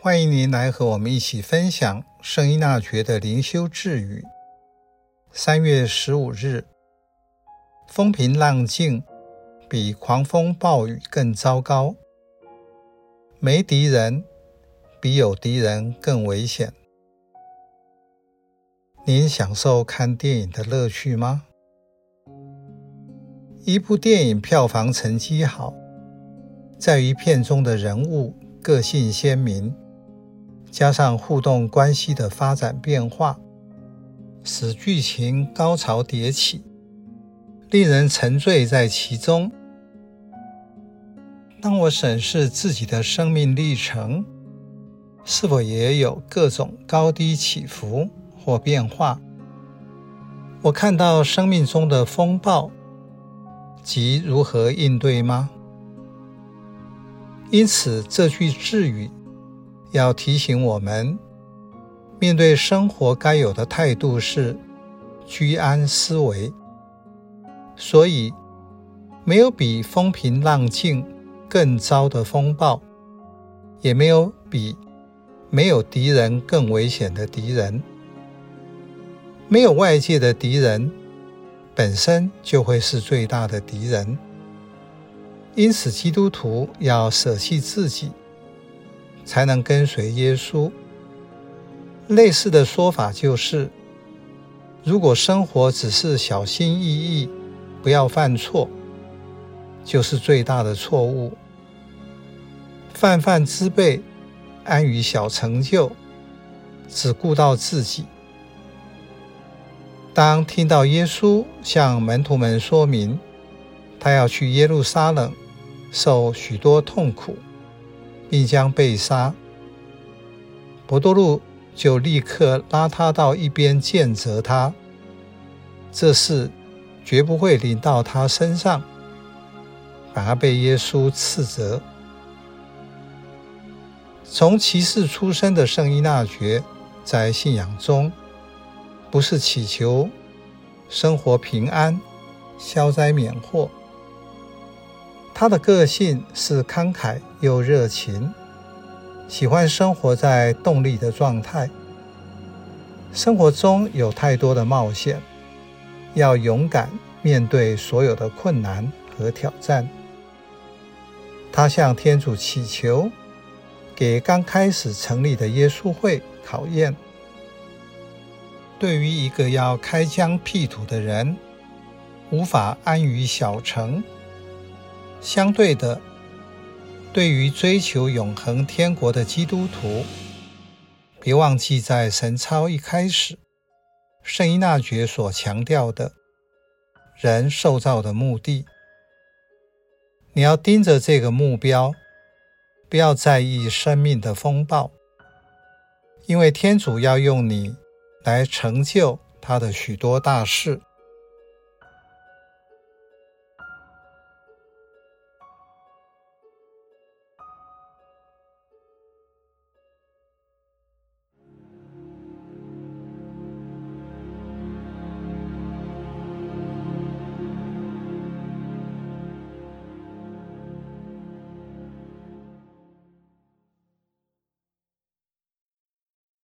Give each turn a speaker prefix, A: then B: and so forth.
A: 歡迎您來和我們一起分享聖依納爵的靈修智語。三月十五日，風平浪靜比狂風暴雨更糟糕，沒敵人比有敵人更危險。您享受看電影的樂趣嗎？一部電影票房成績好，在於片中的人物個性鮮明，加上互動關係的發展變化，使劇情高潮迭起，令人沉醉在其中。當我審視自己的生命歷程，是否也有各種高低起伏或變化？我看到生命中的風暴及如何應對嗎？因此，這句智語要提醒我們，面對生活該有的態度是居安思危。所以，沒有比風平浪靜更糟的風暴，也沒有比沒有敵人更危險的敵人。沒有外界的敵人，本身就會是最大的敵人。因此，基督徒要捨棄自己，才能跟隨耶穌。類似的說法就是，如果生活只是小心翼翼，不要犯錯，就是最大的錯誤。泛泛之輩，安於小成就，只顧到自己。當聽到耶穌向門徒們說明，他要去耶路撒冷，受許多痛苦，並將被殺。伯多祿就立刻拉他到一邊，諫責他：這事絕不會臨到他身上，反而被耶穌斥責。從騎士出身的聖依納爵，在信仰中，不是祈求生活平安、消災免禍。他的個性是慷慨又熱情，喜歡生活在動力的狀態。生活中有太多的冒險，要勇敢面對所有的困難和挑戰。他向天主祈求，給剛開始成立的耶穌會考驗。對於一個要開疆闢土的人，無法安於小成。相對的，對於追求永恆天國的基督徒，別忘記在神操一開始，聖依納爵所強調的人受造的目的。你要盯着這個目標，不要在意生命的風暴，因為天主要用你來成就他的許多大事。